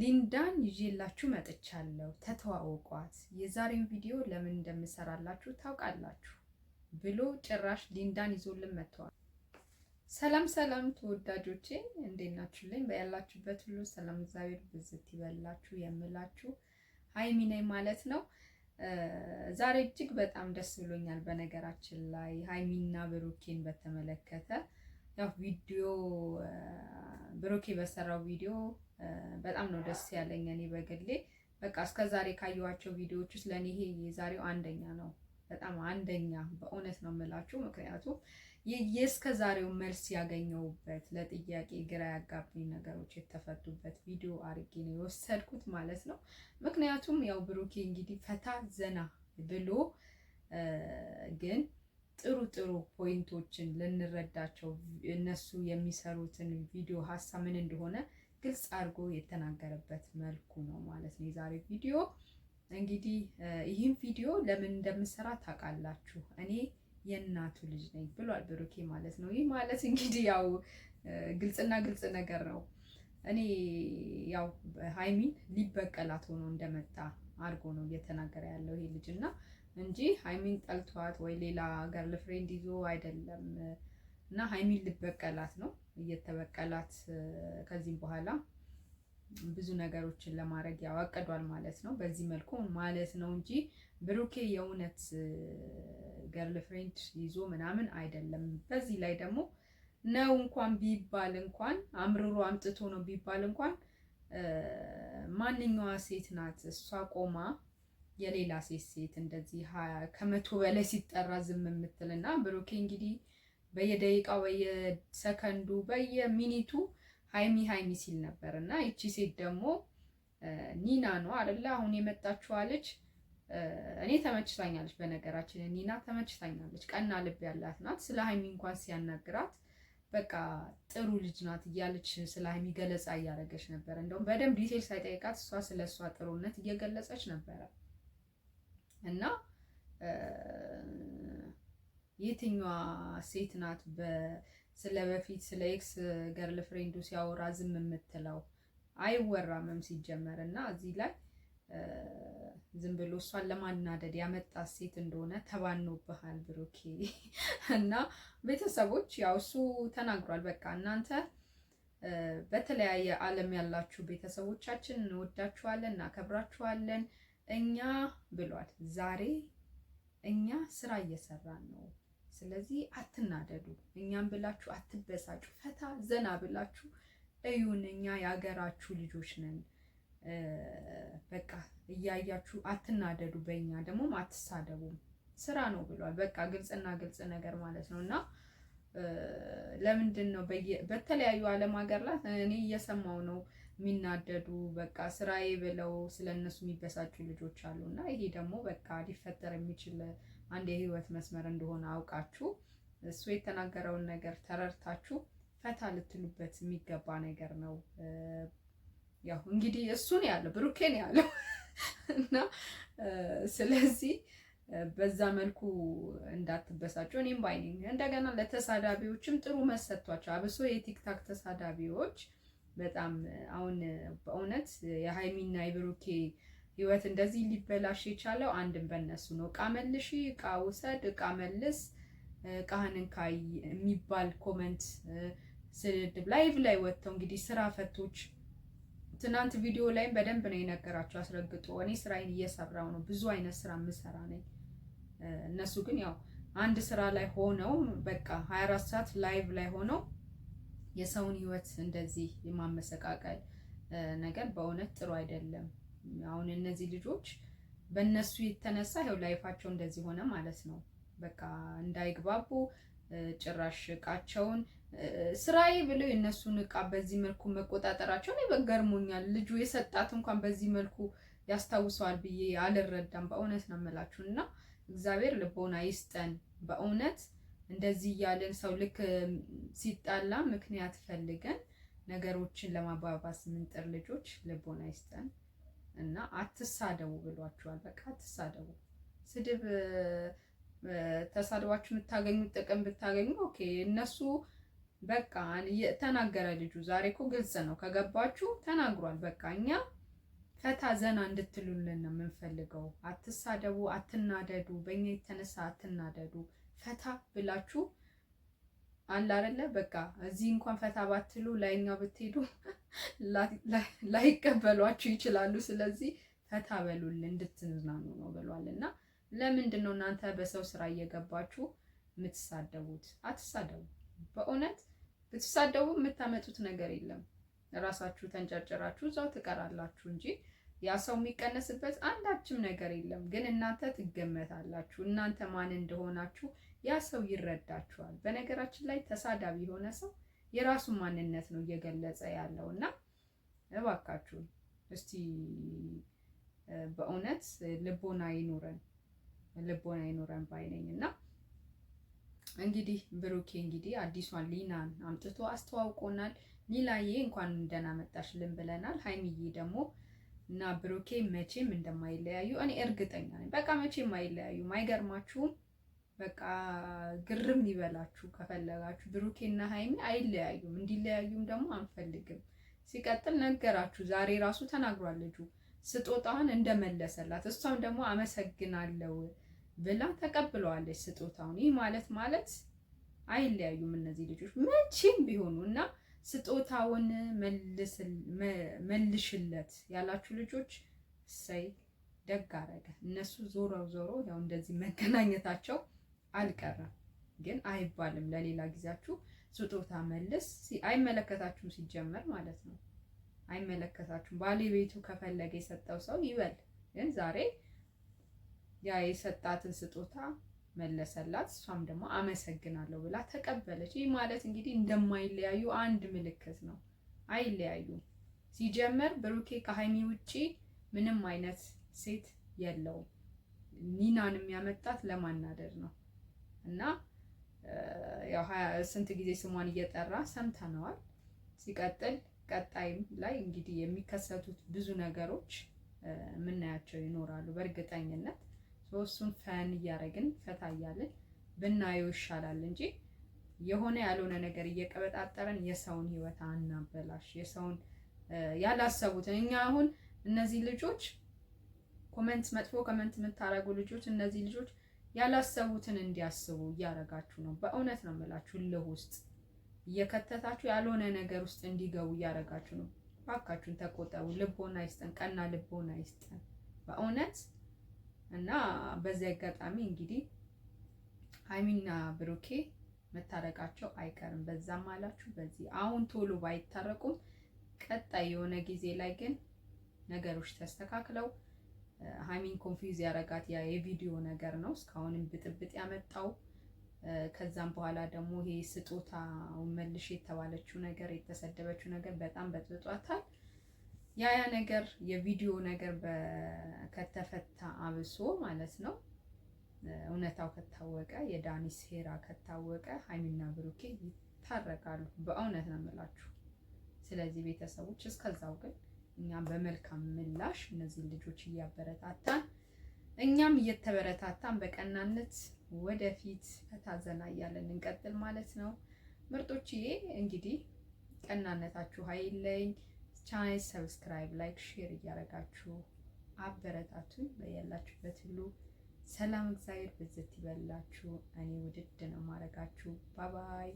ሊንዳን ይዤላችሁ መጥቻለሁ። ተተዋወቋት። የዛሬው ቪዲዮ ለምን እንደምሰራላችሁ ታውቃላችሁ ብሎ ጭራሽ ሊንዳን ይዞልን መጥተዋል። ሰላም ሰላም ተወዳጆቼ እንዴት ናችሁልኝ? በያላችሁበት ሁሉ ሰላም እግዚአብሔር ብዝት ይበላችሁ የምላችሁ ሀይሚ ነኝ ማለት ነው። ዛሬ እጅግ በጣም ደስ ብሎኛል። በነገራችን ላይ ሀይሚና ብሩኬን በተመለከተ ያው ቪዲዮ ብሩኬ በሰራው ቪዲዮ በጣም ነው ደስ ያለኝ እኔ በግሌ በቃ እስከ ዛሬ ካየኋቸው ቪዲዮዎች ውስጥ ለእኔ ይሄ የዛሬው አንደኛ ነው። በጣም አንደኛ በእውነት ነው የምላችሁ። ምክንያቱም የእስከ ዛሬው መልስ ያገኘሁበት ለጥያቄ ግራ ያጋቡኝ ነገሮች የተፈቱበት ቪዲዮ አድርጌ ነው የወሰድኩት ማለት ነው። ምክንያቱም ያው ብሩኬ እንግዲህ ፈታ ዘና ብሎ ግን ጥሩ ጥሩ ፖይንቶችን ልንረዳቸው እነሱ የሚሰሩትን ቪዲዮ ሀሳብ ምን እንደሆነ ግልጽ አድርጎ የተናገረበት መልኩ ነው ማለት ነው የዛሬ ቪዲዮ። እንግዲህ ይህም ቪዲዮ ለምን እንደምሰራ ታውቃላችሁ። እኔ የእናቱ ልጅ ነኝ ብሏል ብሩኬ ማለት ነው። ይህ ማለት እንግዲህ ያው ግልጽና ግልጽ ነገር ነው። እኔ ያው ሀይሚን ሊበቀላት ሆኖ እንደመጣ አድርጎ ነው እየተናገረ ያለው ይሄ ልጅ እና እንጂ ሀይሚን ጠልቷት ወይ ሌላ ገርል ፍሬንድ ይዞ አይደለም እና ሀይሚን ልበቀላት ነው እየተበቀላት ከዚህም በኋላ ብዙ ነገሮችን ለማድረግ ያዋቀዷል ማለት ነው። በዚህ መልኩ ማለት ነው እንጂ ብሩኬ የእውነት ገርል ፍሬንድ ይዞ ምናምን አይደለም። በዚህ ላይ ደግሞ ነው እንኳን ቢባል እንኳን አምርሮ አምጥቶ ነው ቢባል እንኳን ማንኛዋ ሴት ናት እሷ ቆማ የሌላ ሴት ሴት እንደዚህ ከመቶ በላይ ሲጠራ ዝም የምትል እና ብሩኬ እንግዲህ በየደቂቃው በየሰከንዱ በየሚኒቱ ሀይሚ ሀይሚ ሲል ነበር እና ይቺ ሴት ደግሞ ኒና ነው አደለ? አሁን የመጣችኋለች እኔ ተመችታኛለች። በነገራችን ኒና ተመችታኛለች። ቀና ልብ ያላት ናት። ስለ ሀይሚ እንኳን ሲያናግራት በቃ ጥሩ ልጅ ናት እያለች ስለ ሀይሚ ገለጻ እያደረገች ነበረ። እንደውም በደንብ ዲቴል ሳይጠይቃት እሷ ስለ እሷ ጥሩነት እየገለጸች ነበረ እና የትኛዋ ሴት ናት ስለ በፊት ስለ ኤክስ ገርል ፍሬንዱ ሲያወራ ዝም የምትለው? አይወራምም ሲጀመር እና እዚህ ላይ ዝም ብሎ እሷን ለማናደድ ያመጣት ሴት እንደሆነ ተባኖብሃል ብሩኬ። እና ቤተሰቦች ያው እሱ ተናግሯል። በቃ እናንተ በተለያየ ዓለም ያላችሁ ቤተሰቦቻችን እንወዳችኋለን፣ እናከብራችኋለን። እኛ ብሏል ዛሬ እኛ ስራ እየሰራን ነው ስለዚህ አትናደዱ፣ እኛም ብላችሁ አትበሳጩ፣ ፈታ ዘና ብላችሁ እዩን። እኛ የሀገራችሁ ልጆች ነን። በቃ እያያችሁ አትናደዱ። በእኛ ደግሞ አትሳደቡም። ስራ ነው ብሏል። በቃ ግልጽና ግልጽ ነገር ማለት ነው እና ለምንድን ነው በተለያዩ ዓለም ሀገር ላት እኔ እየሰማው ነው የሚናደዱ በቃ ስራዬ ብለው እነሱ የሚበሳጩ ልጆች አሉ እና ይሄ ደግሞ በቃ ሊፈጠር የሚችል አንድ የህይወት መስመር እንደሆነ አውቃችሁ እሱ የተናገረውን ነገር ተረድታችሁ ፈታ ልትሉበት የሚገባ ነገር ነው። ያው እንግዲህ እሱን ያለው ብሩኬን ያለው እና ስለዚህ በዛ መልኩ እንዳትበሳጩ እኔም ባይኔ እንደገና ለተሳዳቢዎችም ጥሩ መሰጥቷቸው አብሶ የቲክታክ ተሳዳቢዎች በጣም አሁን በእውነት የሀይሚና የብሩኬ ህይወት እንደዚህ ሊበላሽ የቻለው አንድም በእነሱ ነው። እቃ መልሺ፣ እቃ ውሰድ፣ እቃ መልስ፣ እቃህንን ካይ የሚባል ኮመንት፣ ስድብ ላይቭ ላይ ወጥተው እንግዲህ ስራ ፈቶች ትናንት ቪዲዮ ላይም በደንብ ነው የነገራቸው አስረግጦ። እኔ ስራዬን እየሰራው ነው፣ ብዙ አይነት ስራ የምሰራ ነኝ። እነሱ ግን ያው አንድ ስራ ላይ ሆነው በቃ 24 ሰዓት ላይቭ ላይ ሆነው የሰውን ህይወት እንደዚህ የማመሰቃቀል ነገር በእውነት ጥሩ አይደለም። አሁን እነዚህ ልጆች በእነሱ የተነሳ ይኸው ላይፋቸው እንደዚህ ሆነ ማለት ነው። በቃ እንዳይግባቡ ጭራሽ እቃቸውን ስራዬ ብለው የእነሱን እቃ በዚህ መልኩ መቆጣጠራቸው እኔ በገርሞኛል። ልጁ የሰጣት እንኳን በዚህ መልኩ ያስታውሰዋል ብዬ አልረዳም። በእውነት ነው የምላችሁ እና እግዚአብሔር ልቦና ይስጠን በእውነት እንደዚህ እያለን ሰው ልክ ሲጣላ ምክንያት ፈልገን ነገሮችን ለማባባስ ምንጥር ልጆች ልቦና ይስጠን። እና አትሳደቡ ብሏችኋል። በቃ አትሳደቡ። ስድብ ተሳድባችሁ የምታገኙት ጥቅም ብታገኙ ኦኬ። እነሱ በቃ ተናገረ ልጁ ዛሬ እኮ ግልጽ ነው። ከገባችሁ ተናግሯል። በቃ እኛ ፈታ ዘና እንድትሉልን ነው የምንፈልገው። አትሳደቡ፣ አትናደዱ። በእኛ የተነሳ አትናደዱ። ፈታ ብላችሁ አለ አይደለ በቃ እዚህ እንኳን ፈታ ባትሉ ላይኛው ብትሄዱ ላይቀበሏችሁ ይችላሉ። ስለዚህ ፈታ በሉል እንድትዝናኑ ነው ብሏል። እና ለምንድን ነው እናንተ በሰው ስራ እየገባችሁ የምትሳደቡት? አትሳደቡ። በእውነት ብትሳደቡ የምታመጡት ነገር የለም። ራሳችሁ ተንጨርጨራችሁ እዛው ትቀራላችሁ እንጂ ያ ሰው የሚቀነስበት አንዳችም ነገር የለም። ግን እናንተ ትገመታላችሁ። እናንተ ማን እንደሆናችሁ ያ ሰው ይረዳችኋል። በነገራችን ላይ ተሳዳቢ የሆነ ሰው የራሱ ማንነት ነው እየገለጸ ያለው እና እባካችሁ እስቲ በእውነት ልቦና ይኑረን፣ ልቦና ይኑረን ባይነኝ እና እንግዲህ ብሩኬ እንግዲህ አዲሷን ሊናን አምጥቶ አስተዋውቆናል። ሊላዬ እንኳን ደህና መጣሽልን ብለናል። ሀይሚዬ ደግሞ እና ብሩኬ መቼም እንደማይለያዩ እኔ እርግጠኛ ነኝ። በቃ መቼም አይለያዩ። አይገርማችሁም? በቃ ግርም ይበላችሁ ከፈለጋችሁ ብሩኬና ሀይሚ አይለያዩም። እንዲለያዩም ደግሞ አንፈልግም። ሲቀጥል ነገራችሁ። ዛሬ ራሱ ተናግሯል ልጁ ስጦታውን እንደመለሰላት እሷም ደግሞ አመሰግናለው ብላ ተቀብለዋለች ስጦታውን። ይህ ማለት ማለት አይለያዩም እነዚህ ልጆች መቼም ቢሆኑ እና ስጦታውን መልሽለት ያላችሁ ልጆች ሰይ ደግ አረገ። እነሱ ዞሮ ዞሮ ያው እንደዚህ መገናኘታቸው አልቀረም። ግን አይባልም ለሌላ ጊዜያችሁ ስጦታ መልስ። አይመለከታችሁም ሲጀመር ማለት ነው። አይመለከታችሁም። ባለቤቱ ከፈለገ የሰጠው ሰው ይበል። ግን ዛሬ ያ የሰጣትን ስጦታ መለሰላት። እሷም ደግሞ አመሰግናለሁ ብላ ተቀበለች። ይህ ማለት እንግዲህ እንደማይለያዩ አንድ ምልክት ነው። አይለያዩም። ሲጀመር ብሩኬ ከሀይሚ ውጪ ምንም አይነት ሴት የለውም። ኒናን የሚያመጣት ለማናደድ ነው እና ያው ስንት ጊዜ ስሟን እየጠራ ሰምተነዋል። ሲቀጥል ቀጣይም ላይ እንግዲህ የሚከሰቱት ብዙ ነገሮች የምናያቸው ይኖራሉ በእርግጠኝነት። ሶስቱን ፈን እያደረግን ፈታ እያለን ብናየው ይሻላል እንጂ የሆነ ያልሆነ ነገር እየቀበጣጠረን የሰውን ህይወት አናበላሽ። የሰውን ያላሰቡትን እኛ አሁን እነዚህ ልጆች ኮመንት፣ መጥፎ ኮመንት የምታደርጉ ልጆች እነዚህ ልጆች ያላሰቡትን እንዲያስቡ እያደረጋችሁ ነው። በእውነት ነው የምላችሁ፣ ልህ ውስጥ እየከተታችሁ ያልሆነ ነገር ውስጥ እንዲገቡ እያደረጋችሁ ነው። እባካችሁን ተቆጠቡ። ልቦና ይስጠን፣ ቀና ልቦና ይስጠን በእውነት እና በዚህ አጋጣሚ እንግዲህ ሀይሚና ብሩኬ መታረቃቸው አይቀርም። በዛም አላችሁ በዚህ አሁን ቶሎ ባይታረቁም ቀጣይ የሆነ ጊዜ ላይ ግን ነገሮች ተስተካክለው ሀይሚን ኮንፊውዝ ያረጋት ያ የቪዲዮ ነገር ነው እስካሁንም ብጥብጥ ያመጣው። ከዛም በኋላ ደግሞ ይሄ ስጦታ መልሽ የተባለችው ነገር የተሰደበችው ነገር በጣም በጥብጧታል። ያ ያ ነገር የቪዲዮ ነገር ከተፈታ አብሶ ማለት ነው እውነታው ከታወቀ የዳኒ ሴራ ከታወቀ ሀይሚና ብሩኬ ይታረቃሉ። በእውነት ነው የምላችሁ። ስለዚህ ቤተሰቦች እስከዛው ግን እኛም በመልካም ምላሽ እነዚህን ልጆች እያበረታታን እኛም እየተበረታታን በቀናነት ወደፊት ከታዘና እያለን እንቀጥል ማለት ነው። ምርጦችዬ እንግዲህ ቀናነታችሁ ሀይለኝ ቻናል ሰብስክራይብ፣ ላይክ፣ ሼር እያደረጋችሁ አበረታቱኝ። በያላችሁበት ሁሉ ሰላም እግዚአብሔር ብዝት ይበላችሁ። እኔ ውድድ ነው ማረጋችሁ። ባባይ